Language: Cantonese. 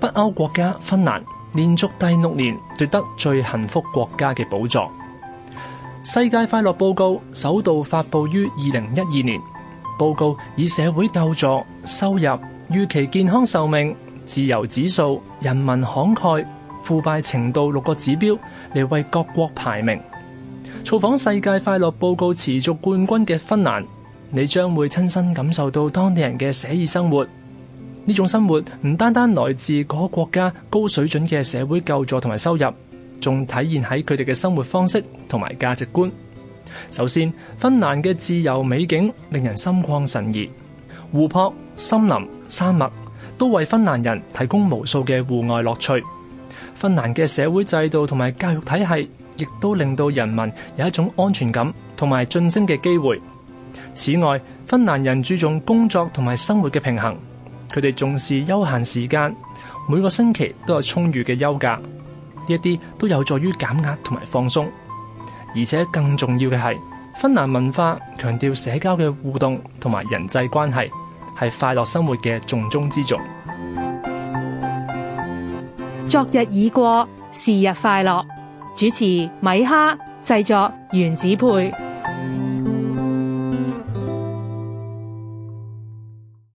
北歐國家芬蘭連續第六年奪得最幸福國家嘅寶座。世界快樂報告首度發佈於二零一二年，報告以社會救助、收入、預期健康壽命、自由指數、人民慷慨、腐敗程度六個指標嚟為各國排名。造訪世界快樂報告持續冠軍嘅芬蘭，你將會親身感受到當地人嘅寫意生活。呢種生活唔單單來自嗰個國家高水準嘅社會救助同埋收入，仲體現喺佢哋嘅生活方式同埋價值觀。首先，芬蘭嘅自由美景令人心曠神怡，湖泊、森林、山脈都為芬蘭人提供無數嘅戶外樂趣。芬蘭嘅社會制度同埋教育體系亦都令到人民有一種安全感同埋晉升嘅機會。此外，芬蘭人注重工作同埋生活嘅平衡。佢哋重視休閒時間，每個星期都有充裕嘅休假，呢一啲都有助於減壓同埋放鬆。而且更重要嘅係，芬蘭文化強調社交嘅互動同埋人際關係，係快樂生活嘅重中之重。昨日已過，是日快樂。主持米哈，製作原子配。